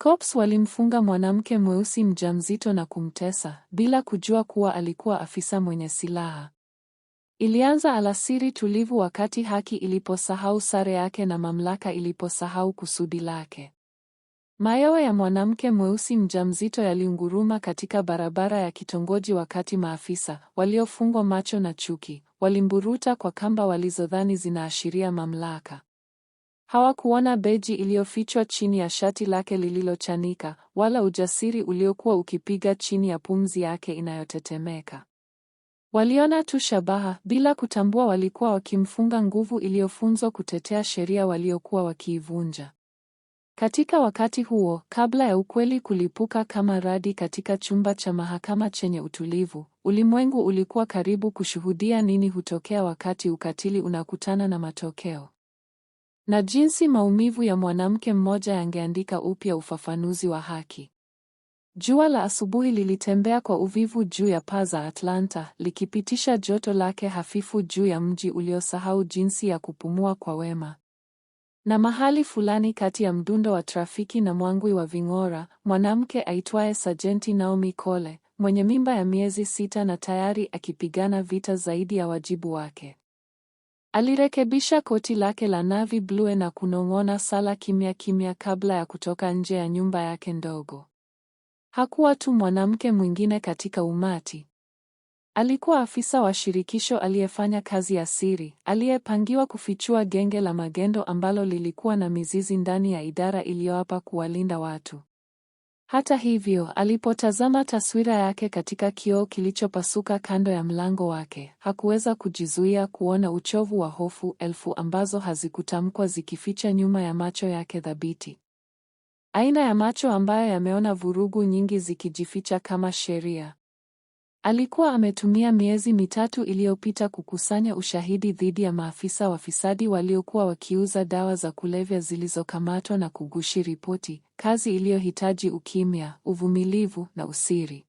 Cops walimfunga mwanamke mweusi mjamzito na kumtesa bila kujua kuwa alikuwa afisa mwenye silaha. Ilianza alasiri tulivu wakati haki iliposahau sare yake na mamlaka iliposahau kusudi lake. Mayowe ya mwanamke mweusi mjamzito yaliunguruma katika barabara ya kitongoji wakati maafisa waliofungwa macho na chuki walimburuta kwa kamba walizodhani zinaashiria mamlaka. Hawakuona beji iliyofichwa chini ya shati lake lililochanika, wala ujasiri uliokuwa ukipiga chini ya pumzi yake inayotetemeka. Waliona tu shabaha, bila kutambua walikuwa wakimfunga nguvu iliyofunzwa kutetea sheria waliokuwa wakiivunja. Katika wakati huo, kabla ya ukweli kulipuka kama radi katika chumba cha mahakama chenye utulivu, ulimwengu ulikuwa karibu kushuhudia nini hutokea wakati ukatili unakutana na matokeo na jinsi maumivu ya mwanamke mmoja yangeandika upya ufafanuzi wa haki. Jua la asubuhi lilitembea kwa uvivu juu ya paa za Atlanta, likipitisha joto lake hafifu juu ya mji uliosahau jinsi ya kupumua kwa wema. Na mahali fulani kati ya mdundo wa trafiki na mwangwi wa ving'ora, mwanamke aitwaye Sajenti Naomi Cole, mwenye mimba ya miezi sita na tayari akipigana vita zaidi ya wajibu wake. Alirekebisha koti lake la navy blue na kunong'ona sala kimya kimya kabla ya kutoka nje ya nyumba yake ndogo. Hakuwa tu mwanamke mwingine katika umati. Alikuwa afisa wa shirikisho aliyefanya kazi ya siri, aliyepangiwa kufichua genge la magendo ambalo lilikuwa na mizizi ndani ya idara iliyoapa kuwalinda watu. Hata hivyo, alipotazama taswira yake katika kioo kilichopasuka kando ya mlango wake, hakuweza kujizuia kuona uchovu wa hofu elfu ambazo hazikutamkwa zikificha nyuma ya macho yake thabiti. Aina ya macho ambayo yameona vurugu nyingi zikijificha kama sheria. Alikuwa ametumia miezi mitatu iliyopita kukusanya ushahidi dhidi ya maafisa wafisadi waliokuwa wakiuza dawa za kulevya zilizokamatwa na kugushi ripoti, kazi iliyohitaji ukimya, uvumilivu na usiri.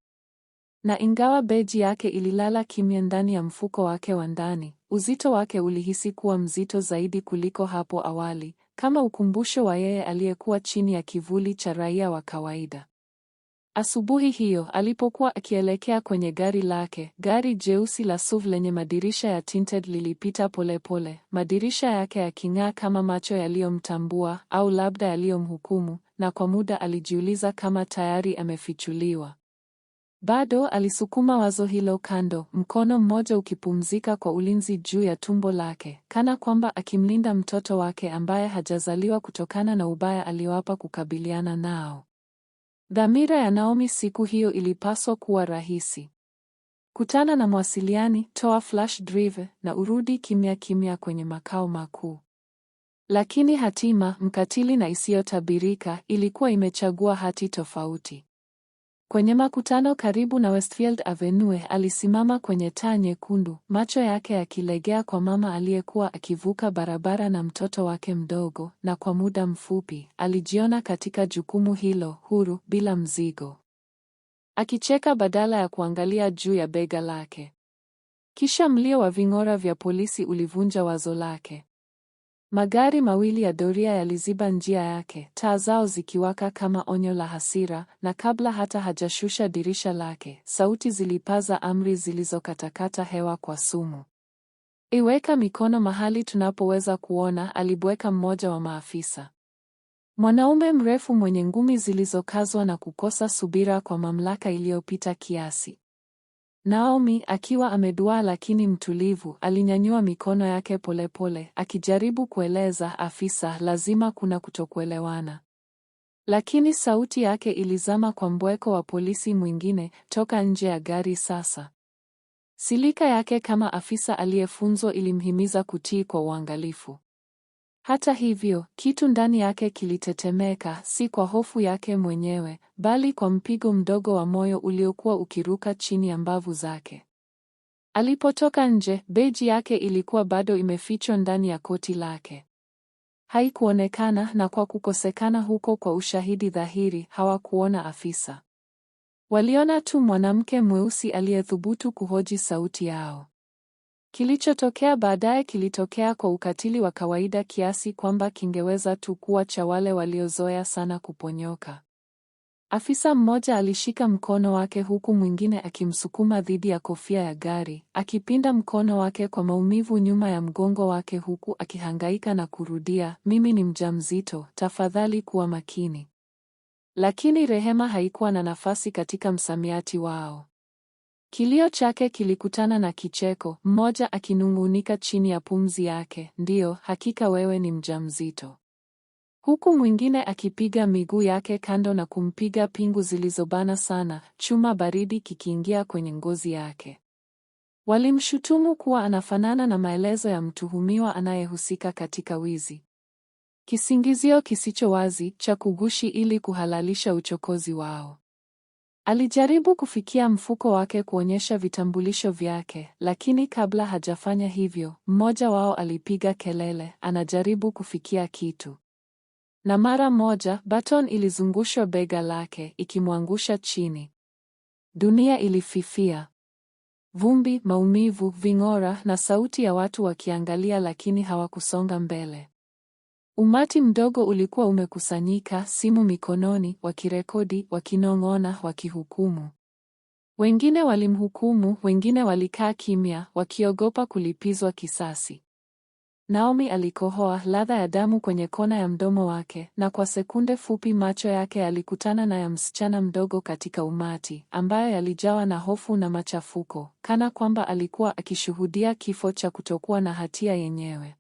Na ingawa beji yake ililala kimya ndani ya mfuko wake wa ndani, uzito wake ulihisi kuwa mzito zaidi kuliko hapo awali, kama ukumbusho wa yeye aliyekuwa chini ya kivuli cha raia wa kawaida. Asubuhi hiyo alipokuwa akielekea kwenye gari lake, gari jeusi la SUV lenye madirisha ya tinted lilipita polepole pole, madirisha yake yaking'aa kama macho yaliyomtambua au labda yaliyomhukumu, na kwa muda alijiuliza kama tayari amefichuliwa. Bado alisukuma wazo hilo kando, mkono mmoja ukipumzika kwa ulinzi juu ya tumbo lake, kana kwamba akimlinda mtoto wake ambaye hajazaliwa kutokana na ubaya aliowapa kukabiliana nao. Dhamira ya Naomi siku hiyo ilipaswa kuwa rahisi: kutana na mwasiliani, toa flash drive na urudi kimya kimya kwenye makao makuu. Lakini hatima, mkatili na isiyotabirika, ilikuwa imechagua hati tofauti. Kwenye makutano karibu na Westfield Avenue, alisimama kwenye taa nyekundu, macho yake yakilegea kwa mama aliyekuwa akivuka barabara na mtoto wake mdogo, na kwa muda mfupi alijiona katika jukumu hilo, huru, bila mzigo, akicheka badala ya kuangalia juu ya bega lake. Kisha mlio wa ving'ora vya polisi ulivunja wazo lake. Magari mawili ya doria yaliziba njia yake, taa zao zikiwaka kama onyo la hasira, na kabla hata hajashusha dirisha lake, sauti zilipaza amri zilizokatakata hewa kwa sumu. Iweka mikono mahali tunapoweza kuona, alibweka mmoja wa maafisa. Mwanaume mrefu mwenye ngumi zilizokazwa na kukosa subira kwa mamlaka iliyopita kiasi. Naomi akiwa ameduaa lakini mtulivu, alinyanyua mikono yake polepole pole, akijaribu kueleza afisa lazima kuna kutokuelewana. Lakini sauti yake ilizama kwa mbweko wa polisi mwingine, toka nje ya gari sasa. Silika yake kama afisa aliyefunzwa ilimhimiza kutii kwa uangalifu. Hata hivyo, kitu ndani yake kilitetemeka, si kwa hofu yake mwenyewe, bali kwa mpigo mdogo wa moyo uliokuwa ukiruka chini ya mbavu zake. Alipotoka nje, beji yake ilikuwa bado imefichwa ndani ya koti lake. Haikuonekana, na kwa kukosekana huko kwa ushahidi dhahiri, hawakuona afisa. Waliona tu mwanamke mweusi aliyethubutu kuhoji sauti yao. Kilichotokea baadaye kilitokea kwa ukatili wa kawaida kiasi kwamba kingeweza tu kuwa cha wale waliozoea sana kuponyoka. Afisa mmoja alishika mkono wake huku mwingine akimsukuma dhidi ya kofia ya gari, akipinda mkono wake kwa maumivu nyuma ya mgongo wake huku akihangaika na kurudia, mimi ni mjamzito, tafadhali kuwa makini. Lakini Rehema haikuwa na nafasi katika msamiati wao. Kilio chake kilikutana na kicheko, mmoja akinung'unika chini ya pumzi yake, ndiyo, hakika wewe ni mjamzito, huku mwingine akipiga miguu yake kando na kumpiga pingu zilizobana sana, chuma baridi kikiingia kwenye ngozi yake. Walimshutumu kuwa anafanana na maelezo ya mtuhumiwa anayehusika katika wizi, kisingizio kisicho wazi cha kugushi ili kuhalalisha uchokozi wao. Alijaribu kufikia mfuko wake kuonyesha vitambulisho vyake, lakini kabla hajafanya hivyo, mmoja wao alipiga kelele, anajaribu kufikia kitu. Na mara moja, baton ilizungushwa bega lake, ikimwangusha chini. Dunia ilififia. Vumbi, maumivu, ving'ora na sauti ya watu wakiangalia lakini hawakusonga mbele. Umati mdogo ulikuwa umekusanyika, simu mikononi, wakirekodi, wakinong'ona, wakihukumu. Wengine walimhukumu, wengine walikaa kimya, wakiogopa kulipizwa kisasi. Naomi alikohoa ladha ya damu kwenye kona ya mdomo wake, na kwa sekunde fupi macho yake yalikutana na ya msichana mdogo katika umati, ambayo yalijawa na hofu na machafuko, kana kwamba alikuwa akishuhudia kifo cha kutokuwa na hatia yenyewe.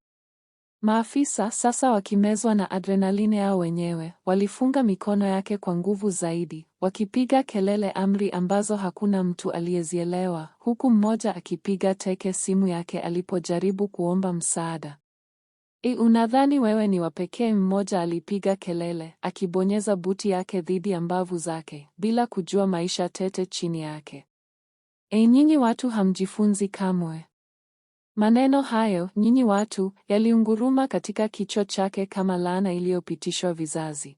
Maafisa sasa wakimezwa na adrenaline yao wenyewe, walifunga mikono yake kwa nguvu zaidi, wakipiga kelele amri ambazo hakuna mtu aliyezielewa, huku mmoja akipiga teke simu yake alipojaribu kuomba msaada. E, unadhani wewe ni wa pekee? Mmoja alipiga kelele, akibonyeza buti yake dhidi ya mbavu zake, bila kujua maisha tete chini yake. E, nyinyi watu hamjifunzi kamwe. Maneno hayo nyinyi watu yaliunguruma katika kichwa chake kama laana iliyopitishwa vizazi.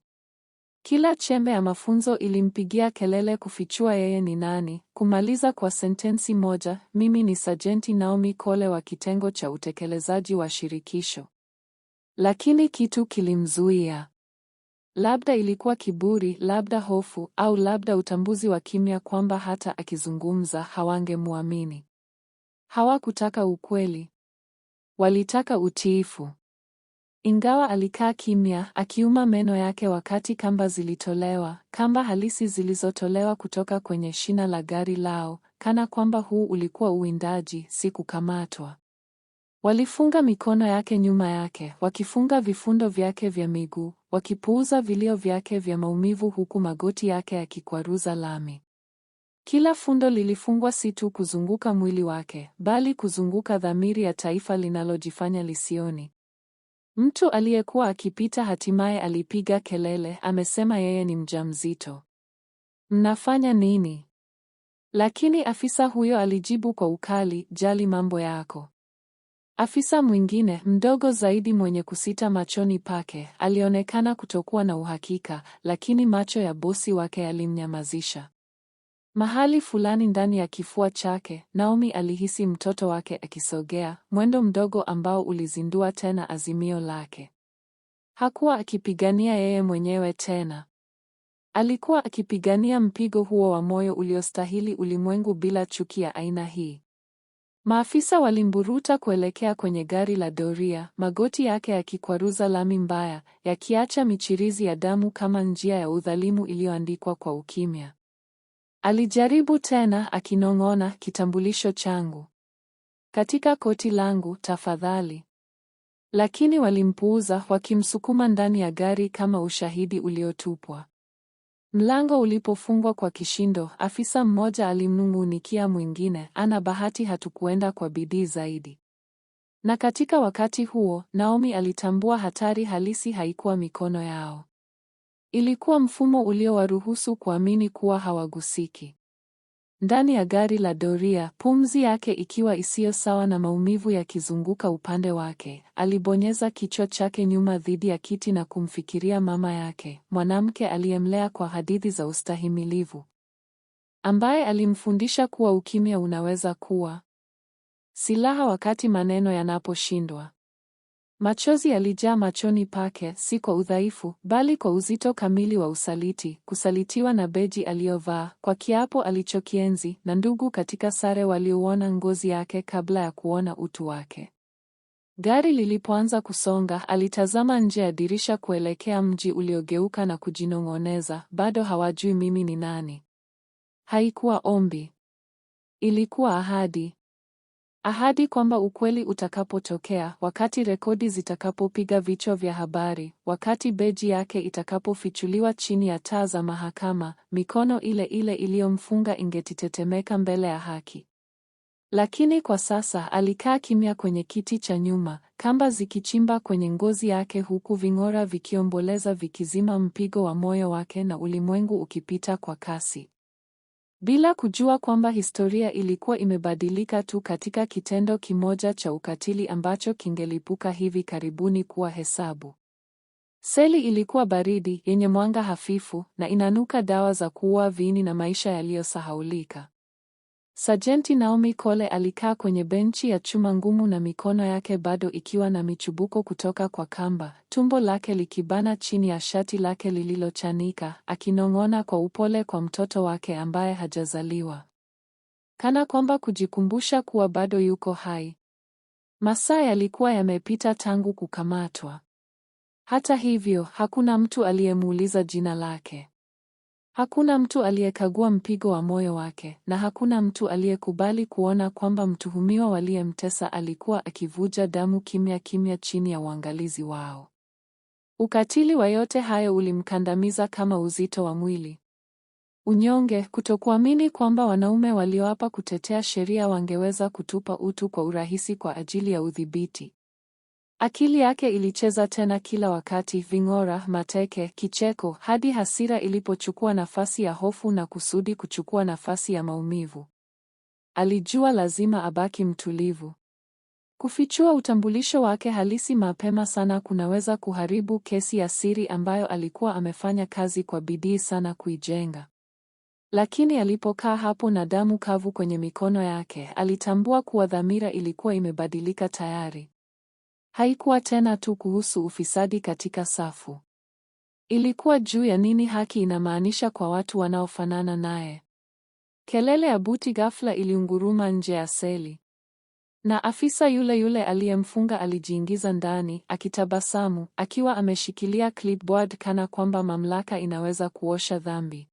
Kila chembe ya mafunzo ilimpigia kelele kufichua yeye ni nani, kumaliza kwa sentensi moja, mimi ni Sajenti Naomi Kole wa kitengo cha utekelezaji wa shirikisho. Lakini kitu kilimzuia. Labda ilikuwa kiburi, labda hofu, au labda utambuzi wa kimya kwamba hata akizungumza hawangemwamini. Hawakutaka ukweli, walitaka utiifu. Ingawa alikaa kimya akiuma meno yake wakati kamba zilitolewa, kamba halisi zilizotolewa kutoka kwenye shina la gari lao, kana kwamba huu ulikuwa uwindaji, si kukamatwa. Walifunga mikono yake nyuma yake, wakifunga vifundo vyake vya miguu, wakipuuza vilio vyake vya maumivu, huku magoti yake yakikwaruza lami. Kila fundo lilifungwa si tu kuzunguka mwili wake, bali kuzunguka dhamiri ya taifa linalojifanya lisioni. Mtu aliyekuwa akipita hatimaye alipiga kelele, amesema yeye ni mjamzito. Mnafanya nini? Lakini afisa huyo alijibu kwa ukali, jali mambo yako. Afisa mwingine mdogo zaidi mwenye kusita machoni pake alionekana kutokuwa na uhakika, lakini macho ya bosi wake yalimnyamazisha. Mahali fulani ndani ya kifua chake, Naomi alihisi mtoto wake akisogea, mwendo mdogo ambao ulizindua tena azimio lake. Hakuwa akipigania yeye mwenyewe tena. Alikuwa akipigania mpigo huo wa moyo uliostahili ulimwengu bila chuki ya aina hii. Maafisa walimburuta kuelekea kwenye gari la doria, magoti yake yakikwaruza lami mbaya, yakiacha michirizi ya damu kama njia ya udhalimu iliyoandikwa kwa ukimya. Alijaribu tena akinong'ona, kitambulisho changu katika koti langu tafadhali. Lakini walimpuuza, wakimsukuma ndani ya gari kama ushahidi uliotupwa. Mlango ulipofungwa kwa kishindo, afisa mmoja alimnung'unikia mwingine, ana bahati hatukuenda kwa bidii zaidi. Na katika wakati huo, Naomi alitambua hatari halisi haikuwa mikono yao. Ilikuwa mfumo uliowaruhusu kuamini kuwa hawagusiki. Ndani ya gari la doria, pumzi yake ikiwa isiyo sawa na maumivu yakizunguka upande wake, alibonyeza kichwa chake nyuma dhidi ya kiti na kumfikiria mama yake, mwanamke aliyemlea kwa hadithi za ustahimilivu, ambaye alimfundisha kuwa ukimya unaweza kuwa silaha wakati maneno yanaposhindwa. Machozi yalijaa machoni pake, si kwa udhaifu, bali kwa uzito kamili wa usaliti, kusalitiwa na beji aliyovaa, kwa kiapo alichokienzi, na ndugu katika sare waliouona ngozi yake kabla ya kuona utu wake. Gari lilipoanza kusonga, alitazama nje ya dirisha kuelekea mji uliogeuka na kujinong'oneza, bado hawajui mimi ni nani. Haikuwa ombi. Ilikuwa ahadi ahadi kwamba ukweli utakapotokea, wakati rekodi zitakapopiga vichwa vya habari, wakati beji yake itakapofichuliwa chini ya taa za mahakama, mikono ile ile iliyomfunga ingetitetemeka mbele ya haki. Lakini kwa sasa alikaa kimya kwenye kiti cha nyuma, kamba zikichimba kwenye ngozi yake, huku ving'ora vikiomboleza vikizima mpigo wa moyo wake na ulimwengu ukipita kwa kasi bila kujua kwamba historia ilikuwa imebadilika tu katika kitendo kimoja cha ukatili ambacho kingelipuka hivi karibuni kuwa hesabu. Seli ilikuwa baridi, yenye mwanga hafifu na inanuka dawa za kuua viini na maisha yaliyosahaulika. Sajenti Naomi Cole alikaa kwenye benchi ya chuma ngumu na mikono yake bado ikiwa na michubuko kutoka kwa kamba, tumbo lake likibana chini ya shati lake lililochanika, akinong'ona kwa upole kwa mtoto wake ambaye hajazaliwa, kana kwamba kujikumbusha kuwa bado yuko hai. Masaa yalikuwa yamepita tangu kukamatwa. Hata hivyo, hakuna mtu aliyemuuliza jina lake. Hakuna mtu aliyekagua mpigo wa moyo wake na hakuna mtu aliyekubali kuona kwamba mtuhumiwa waliyemtesa alikuwa akivuja damu kimya kimya chini ya uangalizi wao. Ukatili wa yote hayo ulimkandamiza kama uzito wa mwili. Unyonge, kutokuamini kwamba wanaume walioapa kutetea sheria wangeweza kutupa utu kwa urahisi kwa ajili ya udhibiti. Akili yake ilicheza tena kila wakati, ving'ora, mateke, kicheko, hadi hasira ilipochukua nafasi ya hofu na kusudi kuchukua nafasi ya maumivu. Alijua lazima abaki mtulivu. Kufichua utambulisho wake halisi mapema sana kunaweza kuharibu kesi ya siri ambayo alikuwa amefanya kazi kwa bidii sana kuijenga. Lakini alipokaa hapo na damu kavu kwenye mikono yake, alitambua kuwa dhamira ilikuwa imebadilika tayari. Haikuwa tena tu kuhusu ufisadi katika safu. Ilikuwa juu ya nini haki inamaanisha kwa watu wanaofanana naye. Kelele ya buti ghafla iliunguruma nje ya seli, na afisa yule yule aliyemfunga alijiingiza ndani akitabasamu, akiwa ameshikilia clipboard kana kwamba mamlaka inaweza kuosha dhambi.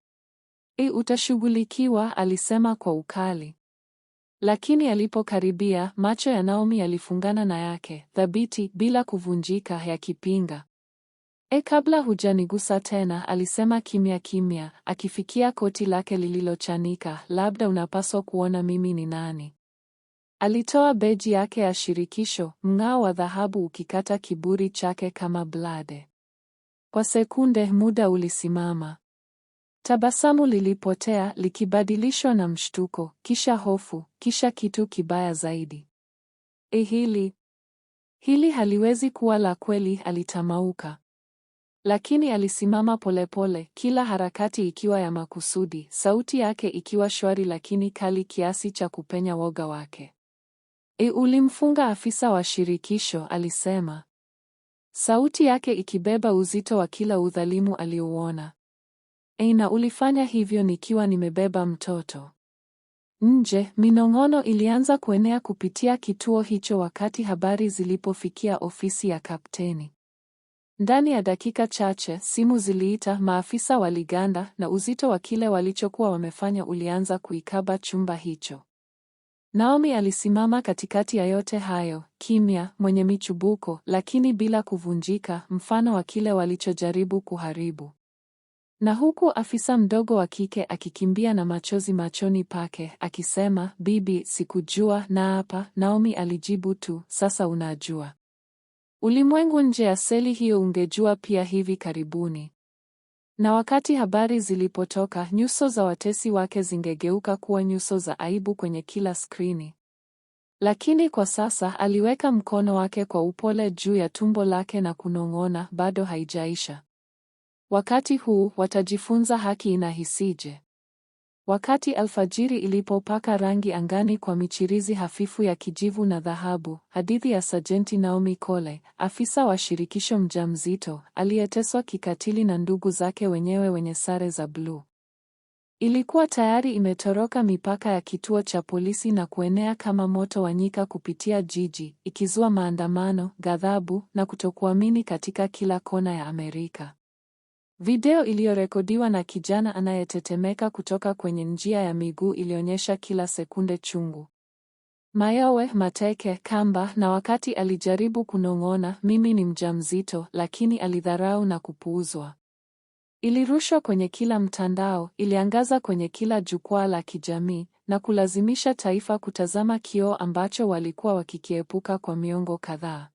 E, utashughulikiwa, alisema kwa ukali. Lakini alipokaribia, macho ya Naomi yalifungana na yake, thabiti bila kuvunjika, yakipinga. E, kabla hujanigusa tena, alisema kimya kimya, akifikia koti lake lililochanika. Labda unapaswa kuona mimi ni nani. Alitoa beji yake ya shirikisho, mng'ao wa dhahabu ukikata kiburi chake kama blade. Kwa sekunde muda ulisimama. Tabasamu lilipotea likibadilishwa na mshtuko, kisha hofu, kisha kitu kibaya zaidi. E, hili hili haliwezi kuwa la kweli, alitamauka. Lakini alisimama polepole pole, kila harakati ikiwa ya makusudi, sauti yake ikiwa shwari lakini kali kiasi cha kupenya woga wake. E, ulimfunga afisa wa shirikisho, alisema, sauti yake ikibeba uzito wa kila udhalimu aliouona. Eina ulifanya hivyo nikiwa nimebeba mtoto. Nje, minong'ono ilianza kuenea kupitia kituo hicho wakati habari zilipofikia ofisi ya kapteni. Ndani ya dakika chache, simu ziliita, maafisa waliganda, na uzito wa kile walichokuwa wamefanya ulianza kuikaba chumba hicho. Naomi alisimama katikati ya yote hayo, kimya, mwenye michubuko, lakini bila kuvunjika, mfano wa kile walichojaribu kuharibu. Na huku afisa mdogo wa kike akikimbia na machozi machoni pake akisema, bibi, sikujua, naapa. Naomi alijibu tu, sasa unajua. Ulimwengu nje ya seli hiyo ungejua pia hivi karibuni. Na wakati habari zilipotoka, nyuso za watesi wake zingegeuka kuwa nyuso za aibu kwenye kila skrini. Lakini kwa sasa aliweka mkono wake kwa upole juu ya tumbo lake na kunong'ona, bado haijaisha. Wakati huu watajifunza haki inahisije. Wakati alfajiri ilipopaka rangi angani kwa michirizi hafifu ya kijivu na dhahabu, hadithi ya Sajenti Naomi Cole, afisa wa shirikisho mjamzito, aliyeteswa kikatili na ndugu zake wenyewe wenye sare za bluu. Ilikuwa tayari imetoroka mipaka ya kituo cha polisi na kuenea kama moto wa nyika kupitia jiji, ikizua maandamano, ghadhabu na kutokuamini katika kila kona ya Amerika. Video iliyorekodiwa na kijana anayetetemeka kutoka kwenye njia ya miguu ilionyesha kila sekunde chungu. Mayowe, mateke, kamba na wakati alijaribu kunong'ona, mimi ni mjamzito, lakini alidharau na kupuuzwa. Ilirushwa kwenye kila mtandao, iliangaza kwenye kila jukwaa la kijamii na kulazimisha taifa kutazama kioo ambacho walikuwa wakikiepuka kwa miongo kadhaa.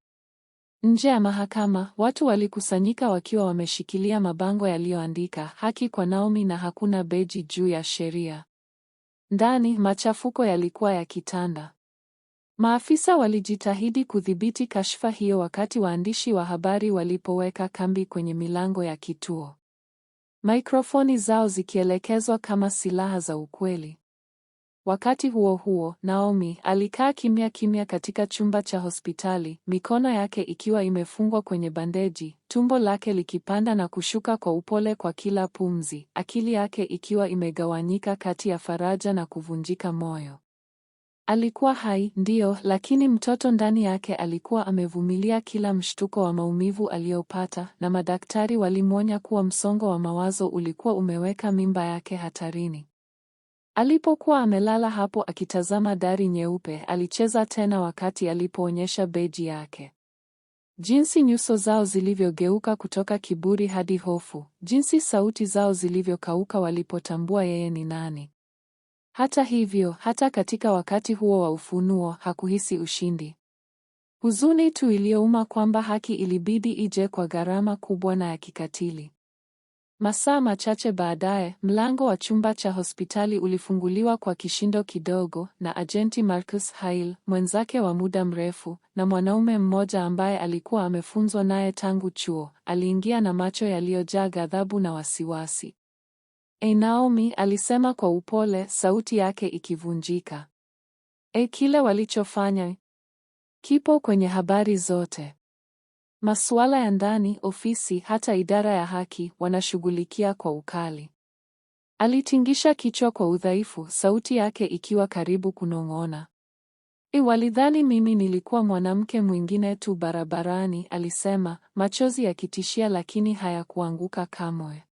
Nje ya mahakama, watu walikusanyika wakiwa wameshikilia mabango yaliyoandika haki kwa Naomi na hakuna beji juu ya sheria. Ndani, machafuko yalikuwa yakitanda. Maafisa walijitahidi kudhibiti kashfa hiyo wakati waandishi wa habari walipoweka kambi kwenye milango ya kituo. Mikrofoni zao zikielekezwa kama silaha za ukweli. Wakati huo huo, Naomi alikaa kimya kimya katika chumba cha hospitali, mikono yake ikiwa imefungwa kwenye bandeji, tumbo lake likipanda na kushuka kwa upole kwa kila pumzi, akili yake ikiwa imegawanyika kati ya faraja na kuvunjika moyo. Alikuwa hai, ndiyo, lakini mtoto ndani yake alikuwa amevumilia kila mshtuko wa maumivu aliyopata, na madaktari walimwonya kuwa msongo wa mawazo ulikuwa umeweka mimba yake hatarini. Alipokuwa amelala hapo akitazama dari nyeupe, alicheza tena wakati alipoonyesha beji yake. Jinsi nyuso zao zilivyogeuka kutoka kiburi hadi hofu, jinsi sauti zao zilivyokauka walipotambua yeye ni nani. Hata hivyo, hata katika wakati huo wa ufunuo, hakuhisi ushindi. Huzuni tu iliyouma kwamba haki ilibidi ije kwa gharama kubwa na ya kikatili. Masaa machache baadaye, mlango wa chumba cha hospitali ulifunguliwa kwa kishindo kidogo, na ajenti Marcus Hail, mwenzake wa muda mrefu, na mwanaume mmoja ambaye alikuwa amefunzwa naye tangu chuo, aliingia na macho yaliyojaa ghadhabu na wasiwasi. E, Naomi alisema kwa upole, sauti yake ikivunjika. E, kile walichofanya kipo kwenye habari zote. Masuala ya ndani, ofisi, hata idara ya haki wanashughulikia kwa ukali. Alitingisha kichwa kwa udhaifu, sauti yake ikiwa karibu kunong'ona. E, walidhani mimi nilikuwa mwanamke mwingine tu barabarani, alisema, machozi yakitishia lakini hayakuanguka kamwe.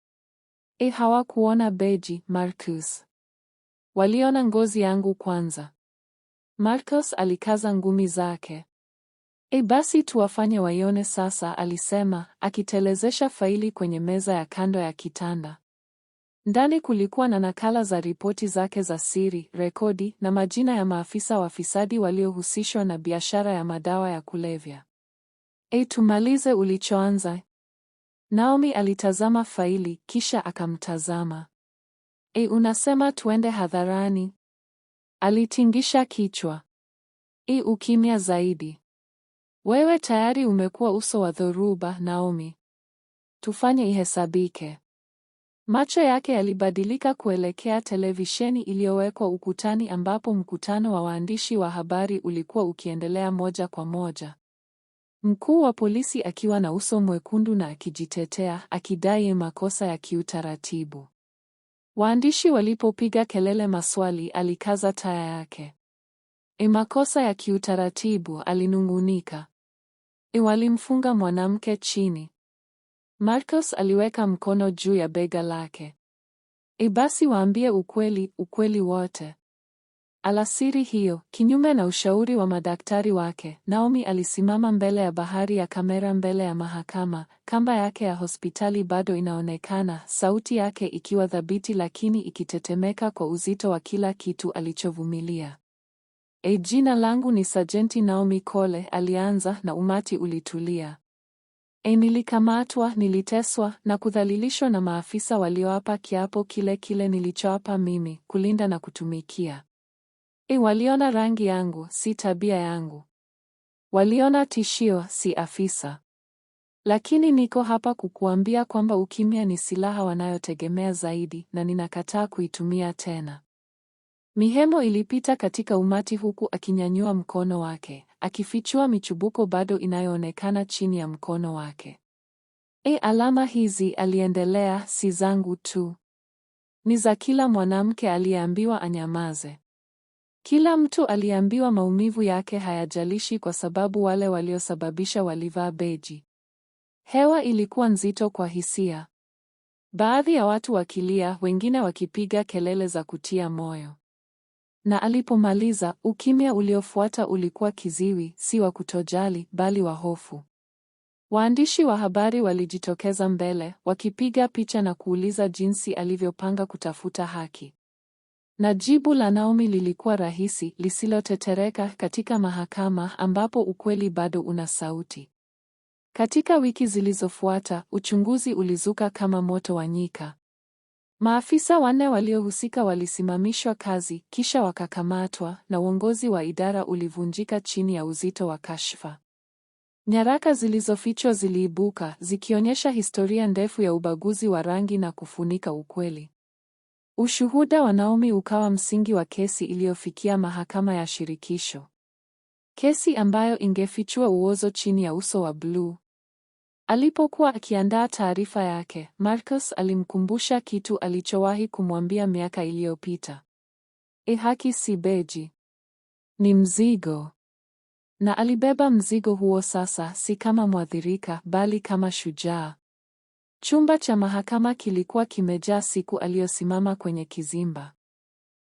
E, hawakuona beji, Marcus. Waliona ngozi yangu kwanza. Marcus alikaza ngumi zake. E, basi tuwafanye waione sasa, alisema akitelezesha faili kwenye meza ya kando ya kitanda. Ndani kulikuwa na nakala za ripoti zake za siri, rekodi na majina ya maafisa wafisadi waliohusishwa na biashara ya madawa ya kulevya. E, tumalize ulichoanza. Naomi alitazama faili kisha akamtazama. E, unasema tuende hadharani? Alitingisha kichwa. E, ukimya zaidi. Wewe tayari umekuwa uso wa dhoruba, Naomi. Tufanye ihesabike. Macho yake yalibadilika kuelekea televisheni iliyowekwa ukutani ambapo mkutano wa waandishi wa habari ulikuwa ukiendelea moja kwa moja. Mkuu wa polisi akiwa na uso mwekundu na akijitetea, akidai makosa ya kiutaratibu. Waandishi walipopiga kelele maswali, alikaza taya yake. E, makosa ya kiutaratibu, alinungunika. E, walimfunga mwanamke chini. Marcus aliweka mkono juu ya bega lake. E, basi waambie ukweli, ukweli wote. Alasiri hiyo, kinyume na ushauri wa madaktari wake, Naomi alisimama mbele ya bahari ya kamera mbele ya mahakama, kamba yake ya hospitali bado inaonekana, sauti yake ikiwa thabiti lakini ikitetemeka kwa uzito wa kila kitu alichovumilia. E, jina langu ni Sajenti Naomi Kole, alianza na umati ulitulia. E, nilikamatwa, niliteswa na kudhalilishwa na maafisa walioapa kiapo kile kile nilichoapa mimi, kulinda na kutumikia. E, waliona rangi yangu, si tabia yangu. Waliona tishio, si afisa. Lakini niko hapa kukuambia kwamba ukimya ni silaha wanayotegemea zaidi na ninakataa kuitumia tena. Mihemo ilipita katika umati huku akinyanyua mkono wake, akifichua michubuko bado inayoonekana chini ya mkono wake. E, alama hizi, aliendelea, si zangu tu. Ni za kila mwanamke aliyeambiwa anyamaze. Kila mtu aliambiwa maumivu yake hayajalishi kwa sababu wale waliosababisha walivaa beji. Hewa ilikuwa nzito kwa hisia. Baadhi ya watu wakilia, wengine wakipiga kelele za kutia moyo. Na alipomaliza, ukimya uliofuata ulikuwa kiziwi, si wa kutojali, bali wa hofu. Waandishi wa habari walijitokeza mbele, wakipiga picha na kuuliza jinsi alivyopanga kutafuta haki. Na jibu la Naomi lilikuwa rahisi, lisilotetereka katika mahakama ambapo ukweli bado una sauti. Katika wiki zilizofuata, uchunguzi ulizuka kama moto wa nyika. Maafisa wanne waliohusika walisimamishwa kazi kisha wakakamatwa na uongozi wa idara ulivunjika chini ya uzito wa kashfa. Nyaraka zilizofichwa ziliibuka zikionyesha historia ndefu ya ubaguzi wa rangi na kufunika ukweli. Ushuhuda wa Naomi ukawa msingi wa kesi iliyofikia mahakama ya shirikisho. Kesi ambayo ingefichua uozo chini ya uso wa bluu. Alipokuwa akiandaa taarifa yake, Marcus alimkumbusha kitu alichowahi kumwambia miaka iliyopita. E, haki si beji, ni mzigo. Na alibeba mzigo huo sasa, si kama mwathirika, bali kama shujaa. Chumba cha mahakama kilikuwa kimejaa siku aliyosimama kwenye kizimba.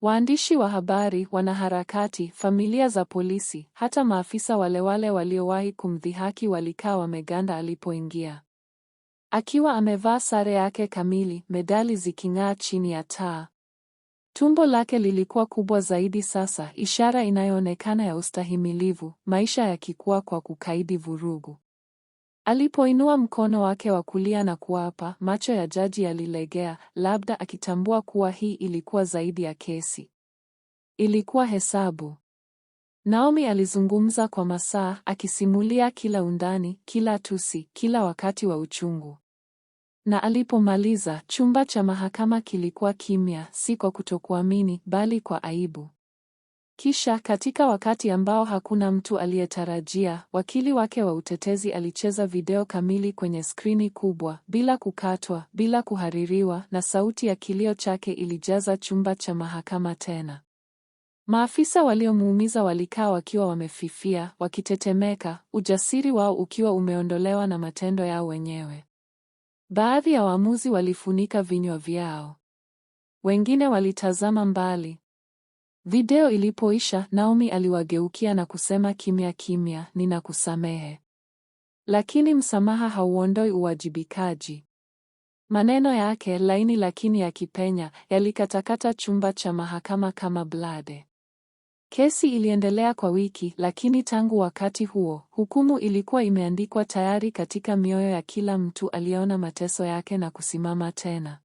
Waandishi wa habari, wanaharakati, familia za polisi, hata maafisa walewale waliowahi kumdhihaki walikaa wameganda alipoingia. Akiwa amevaa sare yake kamili, medali ziking'aa chini ya taa. Tumbo lake lilikuwa kubwa zaidi sasa, ishara inayoonekana ya ustahimilivu, maisha yakikuwa kwa kukaidi vurugu. Alipoinua mkono wake wa kulia na kuapa, macho ya jaji yalilegea, labda akitambua kuwa hii ilikuwa zaidi ya kesi. Ilikuwa hesabu. Naomi alizungumza kwa masaa, akisimulia kila undani, kila tusi, kila wakati wa uchungu. Na alipomaliza, chumba cha mahakama kilikuwa kimya, si kwa kutokuamini, bali kwa aibu. Kisha katika wakati ambao hakuna mtu aliyetarajia, wakili wake wa utetezi alicheza video kamili kwenye skrini kubwa, bila kukatwa, bila kuhaririwa, na sauti ya kilio chake ilijaza chumba cha mahakama tena. Maafisa waliomuumiza walikaa wakiwa wamefifia, wakitetemeka, ujasiri wao ukiwa umeondolewa na matendo yao wenyewe. Baadhi ya waamuzi walifunika vinywa vyao. Wengine walitazama mbali. Video ilipoisha, Naomi aliwageukia na kusema kimya kimya, ninakusamehe. Lakini msamaha hauondoi uwajibikaji. Maneno yake laini lakini yakipenya, yalikatakata chumba cha mahakama kama blade. Kesi iliendelea kwa wiki, lakini tangu wakati huo, hukumu ilikuwa imeandikwa tayari katika mioyo ya kila mtu aliyeona mateso yake na kusimama tena.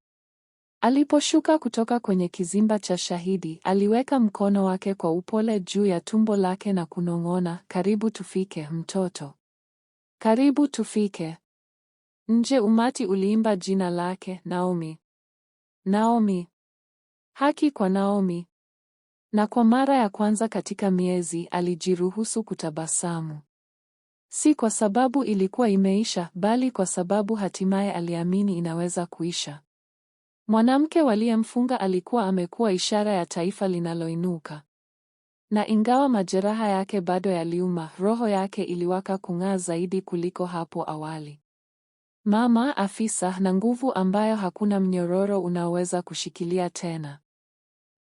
Aliposhuka kutoka kwenye kizimba cha Shahidi, aliweka mkono wake kwa upole juu ya tumbo lake na kunong'ona, karibu tufike mtoto, karibu tufike. Nje umati uliimba jina lake, Naomi, Naomi, haki kwa Naomi. Na kwa mara ya kwanza katika miezi alijiruhusu kutabasamu, si kwa sababu ilikuwa imeisha, bali kwa sababu hatimaye aliamini inaweza kuisha. Mwanamke waliyemfunga alikuwa amekuwa ishara ya taifa linaloinuka. Na ingawa majeraha yake bado yaliuma, roho yake iliwaka kung'aa zaidi kuliko hapo awali. Mama, afisa na nguvu ambayo hakuna mnyororo unaoweza kushikilia tena.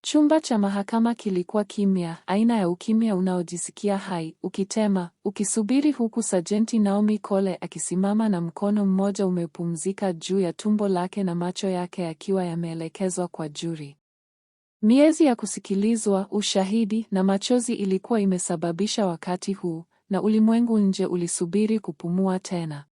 Chumba cha mahakama kilikuwa kimya, aina ya ukimya unaojisikia hai, ukitema, ukisubiri huku Sajenti Naomi Cole akisimama na mkono mmoja umepumzika juu ya tumbo lake na macho yake yakiwa yameelekezwa kwa Juri. Miezi ya kusikilizwa, ushahidi na machozi ilikuwa imesababisha wakati huu, na ulimwengu nje ulisubiri kupumua tena.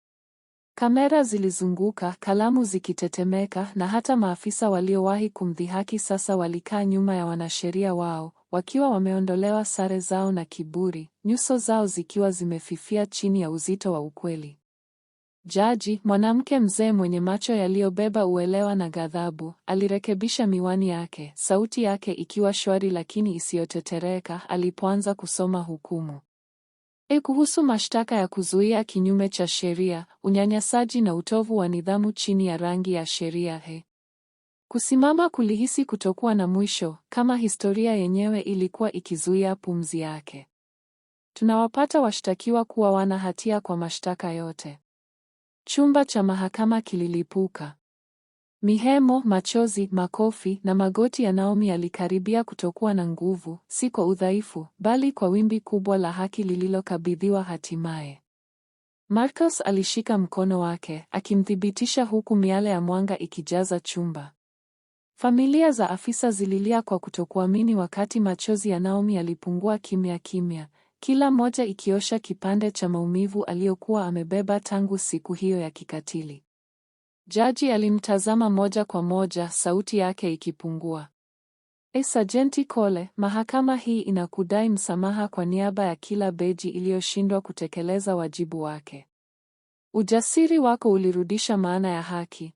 Kamera zilizunguka, kalamu zikitetemeka, na hata maafisa waliowahi kumdhihaki sasa walikaa nyuma ya wanasheria wao, wakiwa wameondolewa sare zao na kiburi, nyuso zao zikiwa zimefifia chini ya uzito wa ukweli. Jaji, mwanamke mzee mwenye macho yaliyobeba uelewa na ghadhabu, alirekebisha miwani yake, sauti yake ikiwa shwari lakini isiyotetereka, alipoanza kusoma hukumu e kuhusu mashtaka ya kuzuia kinyume cha sheria, unyanyasaji na utovu wa nidhamu chini ya rangi ya sheria he. Kusimama kulihisi kutokuwa na mwisho, kama historia yenyewe ilikuwa ikizuia pumzi yake. Tunawapata washtakiwa kuwa wana hatia kwa mashtaka yote. Chumba cha mahakama kililipuka. Mihemo, machozi, makofi na magoti ya Naomi yalikaribia kutokuwa na nguvu, si kwa udhaifu, bali kwa wimbi kubwa la haki lililokabidhiwa hatimaye. Marcus alishika mkono wake, akimthibitisha huku miale ya mwanga ikijaza chumba. Familia za afisa zililia kwa kutokuamini wakati machozi ya Naomi yalipungua kimya kimya, kila moja ikiosha kipande cha maumivu aliyokuwa amebeba tangu siku hiyo ya kikatili. Jaji alimtazama moja kwa moja, sauti yake ikipungua. E, Sajenti Kole, mahakama hii inakudai msamaha kwa niaba ya kila beji iliyoshindwa kutekeleza wajibu wake. Ujasiri wako ulirudisha maana ya haki.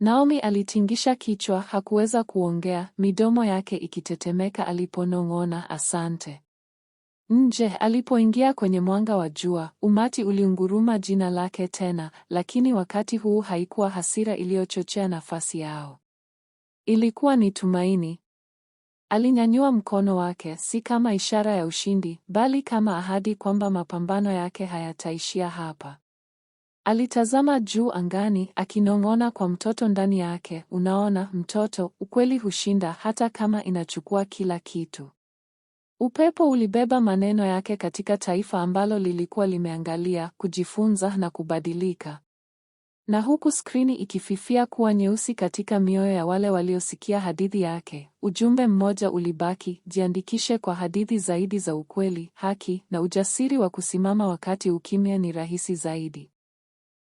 Naomi alitingisha kichwa, hakuweza kuongea, midomo yake ikitetemeka aliponong'ona asante. Nje alipoingia kwenye mwanga wa jua, umati uliunguruma jina lake tena, lakini wakati huu haikuwa hasira iliyochochea nafasi yao. Ilikuwa ni tumaini. Alinyanyua mkono wake, si kama ishara ya ushindi, bali kama ahadi kwamba mapambano yake hayataishia hapa. Alitazama juu angani, akinong'ona kwa mtoto ndani yake, unaona mtoto, ukweli hushinda hata kama inachukua kila kitu. Upepo ulibeba maneno yake katika taifa ambalo lilikuwa limeangalia, kujifunza na kubadilika. Na huku skrini ikififia kuwa nyeusi katika mioyo ya wale waliosikia hadithi yake, ujumbe mmoja ulibaki: jiandikishe kwa hadithi zaidi za ukweli, haki na ujasiri wa kusimama wakati ukimya ni rahisi zaidi.